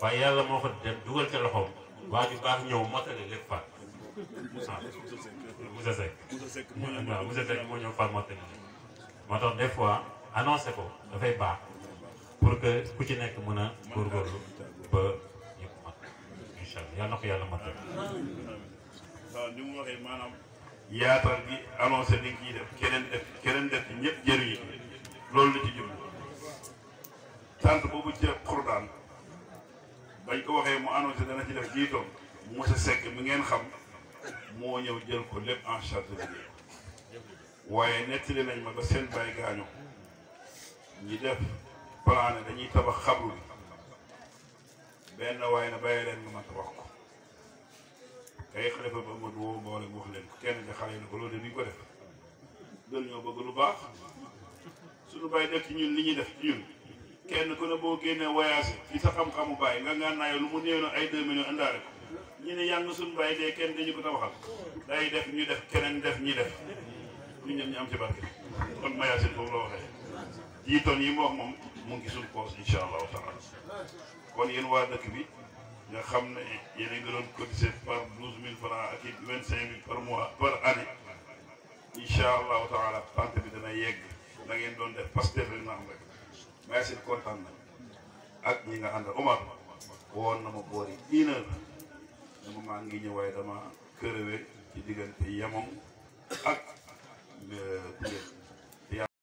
waaye yàlla moo ko dem dugal ca loxoom waa ju baax ñëw motale lépp far ah Moussa des fois annoncé ko dafay baax pour que ku ci nekk mën a góorgóorlu ba ñëpp mat incha na ko yàlla matal. waaw ni yaatal bi annoncé ni kii def keneen def keneen def ñëpp jëriñu loolu la ci jublu tant boobu ca Xurdaan. bañ ko waxee mu annoncé dana ci def jiitoom Moussa Seck mi ngeen xam moo ñëw jël ko lépp en charge liggéey waaye nettali nañ ma ba seen bay gaañu ñi def plan dañuy tabax xabru bi benn waaye na bàyyi leen nga ma tabax ko kay xalifa ba ma woo mboole mu wax leen ko kenn nga xale na ko loolu de bi ñu ko def gën ñoo bëgg lu baax suñu bàyyi def ci ñun li ñuy def ci ñun kenn ku ne boo génnee voyage ci sa xam-xamu bàyyi nga ngànnaayoo lu mu néew na ay deux millions indaale ko ñu ne yàng suñu bàyyi de kenn dañu ko tabaxal day def ñu def keneen def ñi def ñu ñëpp ñu am ci barke kon mayasin foofu la waxee yii ton yi mu wax moom mu ngi suñu poos incha allahu taala kon yéen waa dëkk bi nga xam ne yéen a ngi doon cotisé par douze mille francs ak it vingt cinq mille par mois par année incha allahu taala pante bi dana yegg da ngeen doon def Pastef rek na waaye seen kontaan na ak ñi nga ànd Omar woon na ma boori une heure dama maa ngi ñëw waaye dama kërëwe ci diggante yamam ak euh, Koungheul